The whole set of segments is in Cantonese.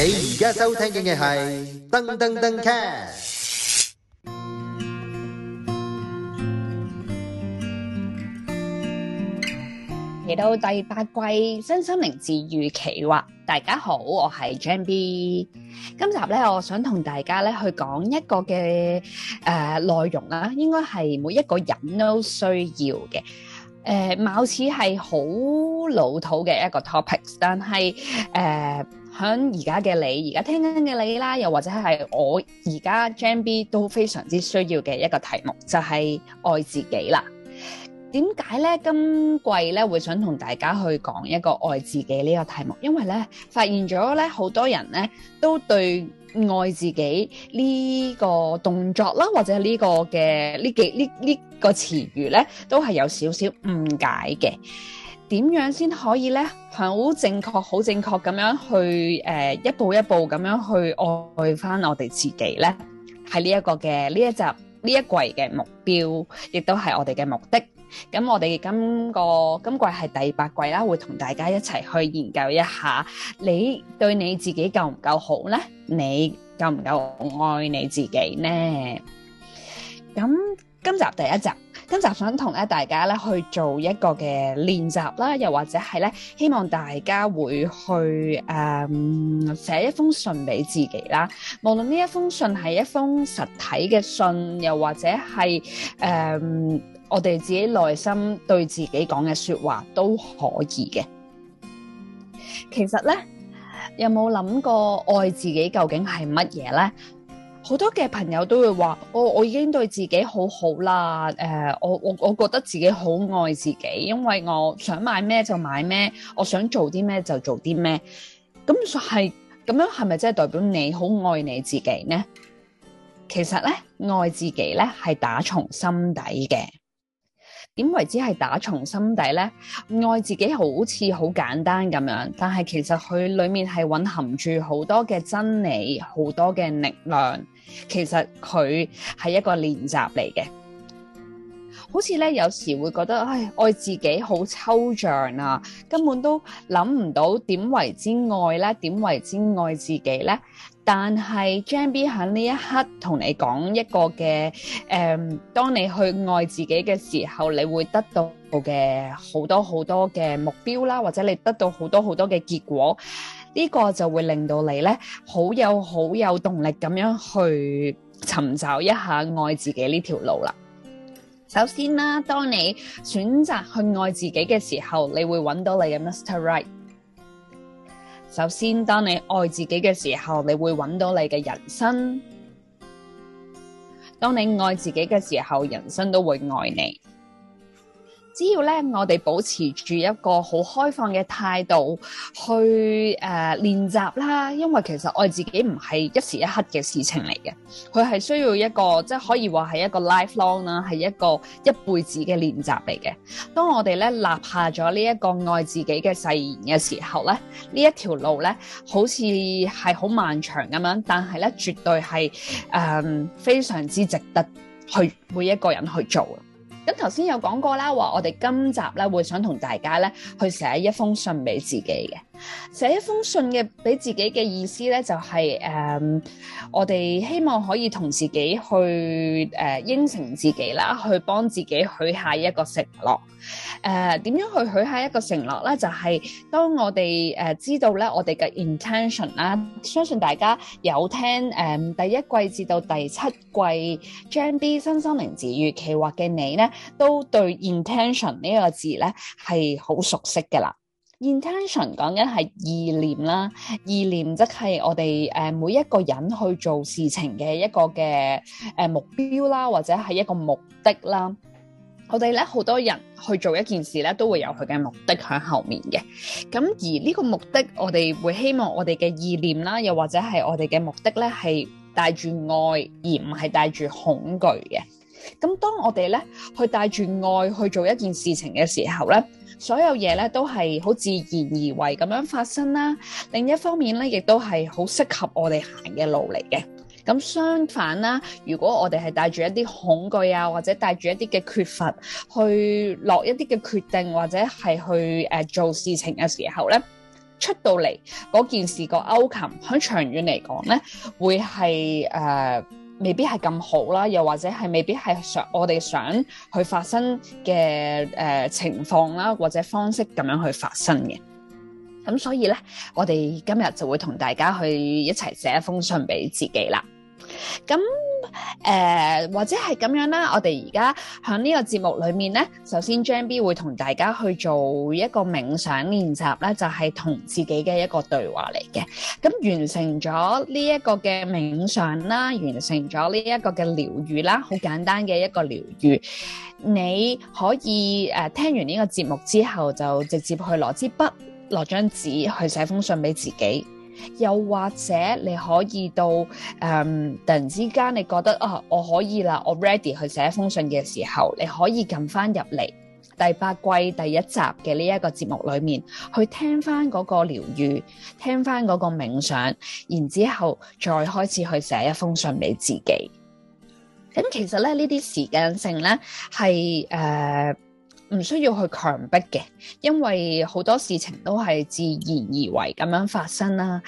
你而家收聽嘅係噔噔噔 cast 嚟到第八季《身心靈自愈企劃》，大家好，我係 JMB。今集咧，我想同大家咧去講一個嘅誒內容啦，應該係每一個人都需要嘅。誒，貌似係好老土嘅一個 topic，但係誒。喺而家嘅你，而家聽緊嘅你啦，又或者係我而家 Gem B 都非常之需要嘅一個題目，就係、是、愛自己啦。點解咧？今季咧會想同大家去講一個愛自己呢個題目，因為咧發現咗咧，好多人咧都對愛自己呢個動作啦，或者係呢個嘅呢幾呢呢個詞語咧，都係有少少誤解嘅。點樣先可以咧？好正確，好正確咁樣去誒，一步一步咁樣去愛返我哋自己咧，係呢一個嘅呢一集呢一季嘅目標，亦都係我哋嘅目的。咁我哋今個今季係第八季啦，會同大家一齊去研究一下，你對你自己夠唔夠好咧？你夠唔夠愛你自己咧？咁。今集第一集，今集想同咧大家咧去做一個嘅練習啦，又或者係咧，希望大家會去誒寫一封信俾自己啦。無論呢一封信係一封實體嘅信，又或者係誒我哋自己內心對自己講嘅說話都可以嘅。其實咧，有冇諗過愛自己究竟係乜嘢咧？好多嘅朋友都會話：我、哦、我已經對自己好好啦，誒、呃，我我我覺得自己好愛自己，因為我想買咩就買咩，我想做啲咩就做啲咩。咁就係咁樣，係咪真係代表你好愛你自己呢？其實咧，愛自己咧係打從心底嘅。點為之係打從心底咧？愛自己好似好簡單咁樣，但係其實佢裏面係蘊含住好多嘅真理，好多嘅力量。其實佢係一個練習嚟嘅，好似咧，有時會覺得，唉，愛自己好抽象啊，根本都諗唔到點為之愛咧？點為之愛自己咧？但係 Jammy 喺呢一刻同你講一個嘅誒、嗯，當你去愛自己嘅時候，你會得到嘅好多好多嘅目標啦，或者你得到好多好多嘅結果，呢、這個就會令到你咧好有好有動力咁樣去尋找一下愛自己呢條路啦。首先啦，當你選擇去愛自己嘅時候，你會揾到你嘅 Mr. Right。首先，當你愛自己嘅時候，你會揾到你嘅人生。當你愛自己嘅時候，人生都會愛你。只要咧，我哋保持住一個好開放嘅態度去誒、呃、練習啦，因為其實愛自己唔係一時一刻嘅事情嚟嘅，佢係需要一個即係可以話係一個 lifelong 啦，係一個一輩子嘅練習嚟嘅。當我哋咧立下咗呢一個愛自己嘅誓言嘅時候咧，呢一條路咧好似係好漫長咁樣，但係咧絕對係誒、呃、非常之值得去每一個人去做。咁頭先有講過啦，話我哋今集咧會想同大家咧去寫一封信俾自己嘅。寫一封信嘅俾自己嘅意思咧，就係、是、誒、呃，我哋希望可以同自己去誒、呃、應承自己啦，去幫自己許下一個承諾。誒、呃，點樣去許下一個承諾咧？就係、是、當我哋誒、呃、知道咧，我哋嘅 intention 啦，相信大家有聽誒、呃、第一季至到第七季，張 B 新生名字企劃嘅你咧，都對 intention 呢個字咧係好熟悉嘅啦。Intention 講緊係意念啦，意念即係我哋誒每一個人去做事情嘅一個嘅誒目標啦，或者係一個目的啦。我哋咧好多人去做一件事咧，都會有佢嘅目的喺後面嘅。咁而呢個目的，我哋會希望我哋嘅意念啦，又或者係我哋嘅目的咧，係帶住愛，而唔係帶住恐懼嘅。咁當我哋咧去帶住愛去做一件事情嘅時候咧。所有嘢咧都係好自然而為咁樣發生啦。另一方面咧，亦都係好適合我哋行嘅路嚟嘅。咁相反啦，如果我哋係帶住一啲恐懼啊，或者帶住一啲嘅缺乏去落一啲嘅決定，或者係去誒、uh, 做事情嘅時候咧，出到嚟嗰件事、嗰個 outcome，喺長遠嚟講咧，會係誒。Uh, 未必係咁好啦，又或者係未必係想我哋想去發生嘅誒情況啦，或者方式咁樣去發生嘅。咁所以呢，我哋今日就會同大家去一齊寫一封信俾自己啦。咁誒，uh, 或者係咁樣啦，我哋而家喺呢個節目裏面呢，首先 Jammy 會同大家去做一個冥想練習呢，就係、是、同自己嘅一個對話嚟嘅。咁完成咗呢一個嘅冥想啦，完成咗呢一個嘅療癒啦，好簡單嘅一個療癒。你可以誒、呃、聽完呢個節目之後，就直接去攞支筆，攞張紙去寫封信俾自己。又或者你可以到誒、嗯，突然之間你覺得啊，我可以啦，我 ready 去寫封信嘅時候，你可以撳翻入嚟第八季第一集嘅呢一個節目裏面去聽翻嗰個療愈，聽翻嗰個冥想，然之後再開始去寫一封信俾自己。咁其實咧呢啲時間性咧係誒。唔需要去強迫嘅，因為好多事情都係自然而然咁樣發生啦。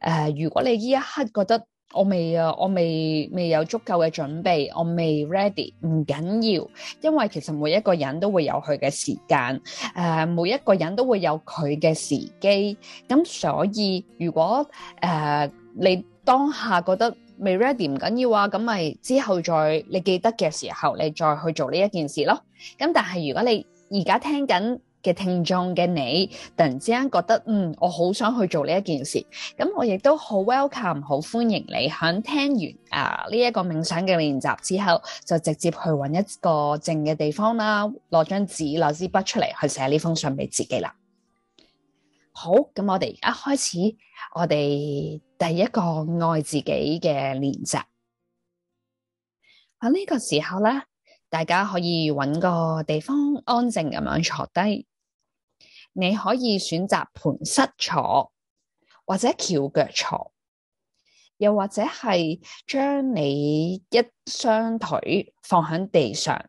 誒，如果你呢一刻覺得我未啊，我未未有足夠嘅準備，我未 ready，唔緊要，因為其實每一個人都會有佢嘅時間，誒，每一個人都會有佢嘅時機。咁所以如果誒你當下覺得，未 ready 唔緊要啊，咁咪之後再你記得嘅時候，你再去做呢一件事咯。咁但係如果你而家聽緊嘅聽眾嘅你，突然之間覺得嗯，我好想去做呢一件事，咁我亦都好 welcome，好歡迎你響聽完啊呢一個冥想嘅練習之後，就直接去揾一個靜嘅地方啦，攞張紙攞支筆出嚟去寫呢封信俾自己啦。好，咁我哋而家開始，我哋。第一個愛自己嘅練習，喺呢個時候咧，大家可以揾個地方安靜咁樣坐低，你可以選擇盤膝坐，或者翹腳坐，又或者係將你一雙腿放響地上，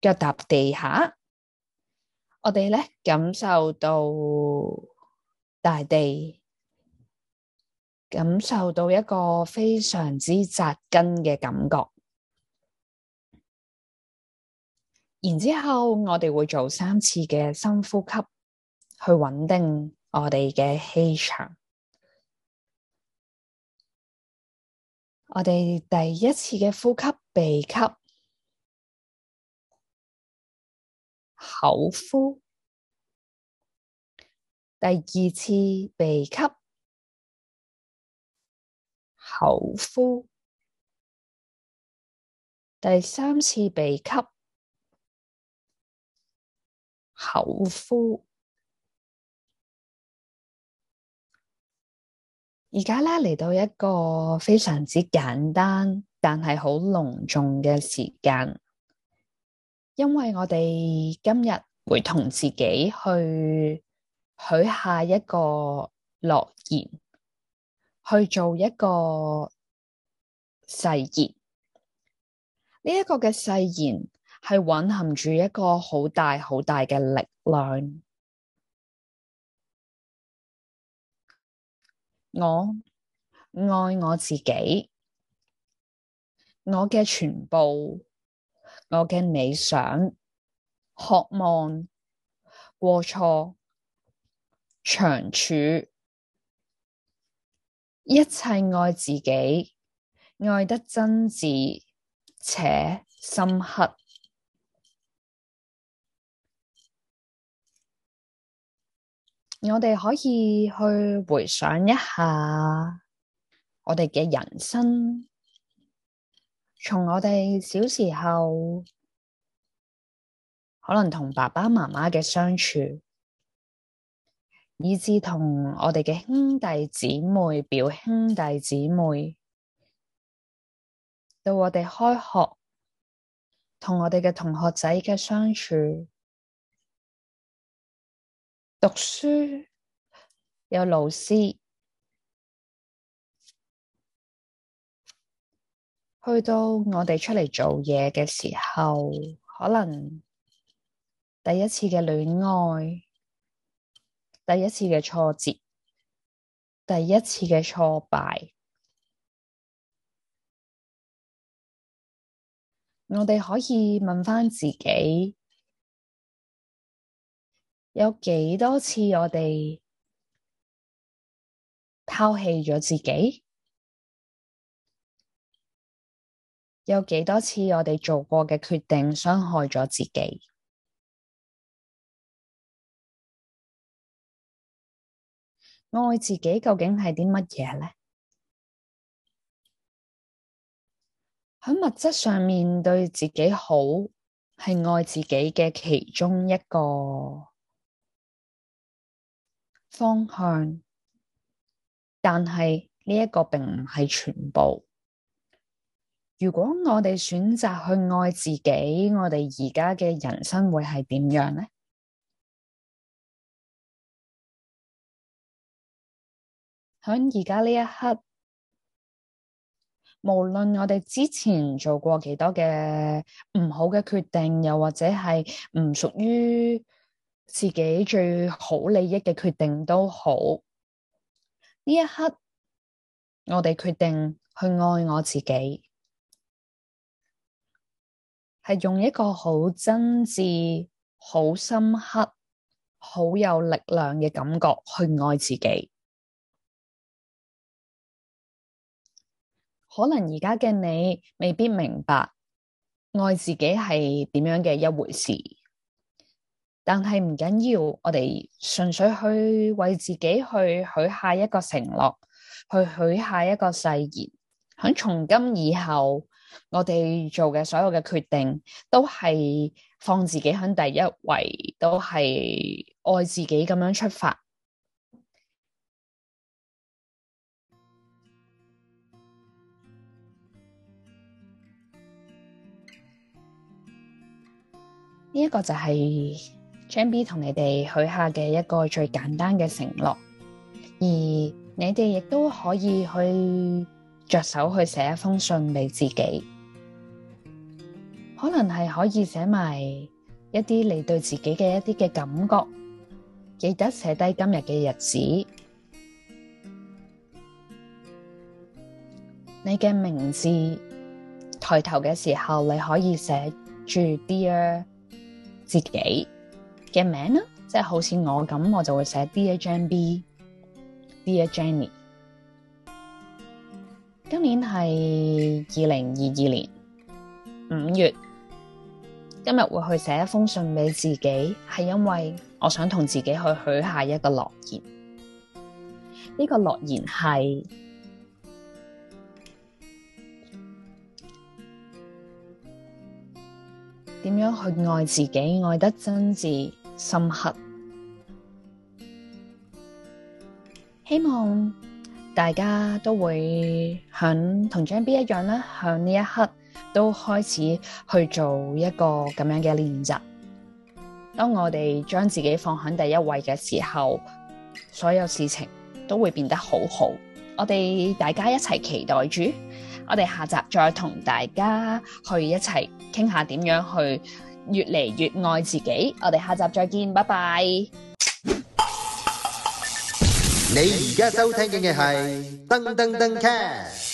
腳踏地下，我哋咧感受到。大地感受到一個非常之扎根嘅感覺，然之後我哋會做三次嘅深呼吸，去穩定我哋嘅氣場。我哋第一次嘅呼吸，鼻吸，口呼。第二次鼻吸口呼，第三次鼻吸口呼。而家呢，嚟到一個非常之簡單，但係好隆重嘅時間，因為我哋今日會同自己去。許下一個諾言，去做一個誓言。呢一個嘅誓言係蘊含住一個好大好大嘅力量。我愛我自己，我嘅全部，我嘅理想，渴望，過錯。長處，一切愛自己，愛得真摯且深刻。我哋可以去回想一下我哋嘅人生，從我哋小時候可能同爸爸媽媽嘅相處，以至同我哋嘅兄弟姊妹、表兄弟姊妹，到我哋開學同我哋嘅同學仔嘅相處、讀書有老師，去到我哋出嚟做嘢嘅時候，可能第一次嘅戀愛。第一次嘅挫折，第一次嘅挫敗，我哋可以問返自己，有幾多次我哋拋棄咗自己？有幾多次我哋做過嘅決定傷害咗自己？愛自己究竟係啲乜嘢咧？喺物質上面對自己好，係愛自己嘅其中一個方向。但係呢一個並唔係全部。如果我哋選擇去愛自己，我哋而家嘅人生會係點樣咧？喺而家呢一刻，無論我哋之前做過幾多嘅唔好嘅決定，又或者係唔屬於自己最好利益嘅決定都好，呢一刻我哋決定去愛我自己，係用一個好真摯、好深刻、好有力量嘅感覺去愛自己。可能而家嘅你未必明白愛自己係點樣嘅一回事，但係唔緊要，我哋純粹去為自己去許下一個承諾，去許下一個誓言，響從今以後，我哋做嘅所有嘅決定都係放自己響第一位，都係愛自己咁樣出發。呢一個就係 Jammy 同你哋許下嘅一個最簡單嘅承諾，而你哋亦都可以去着手去寫一封信俾自己，可能係可以寫埋一啲你對自己嘅一啲嘅感覺，記得寫低今日嘅日子，你嘅名字，抬頭嘅時候你可以寫住 Dear 自己嘅名啦，即係好似我咁，我就會寫 Dear Janie B，Dear Janie。今年係二零二二年五月，今日會去寫一封信俾自己，係因為我想同自己去許下一個諾言。呢、呢個諾言係。點樣去愛自己，愛得真摯深刻。希望大家都會向同張 B 一樣啦，響呢一刻都開始去做一個咁樣嘅練習。當我哋將自己放喺第一位嘅時候，所有事情都會變得好好。我哋大家一齊期待住。我哋下集再同大家去一齊傾下點樣去越嚟越愛自己。我哋下集再見，拜拜。你而家收聽嘅係噔噔噔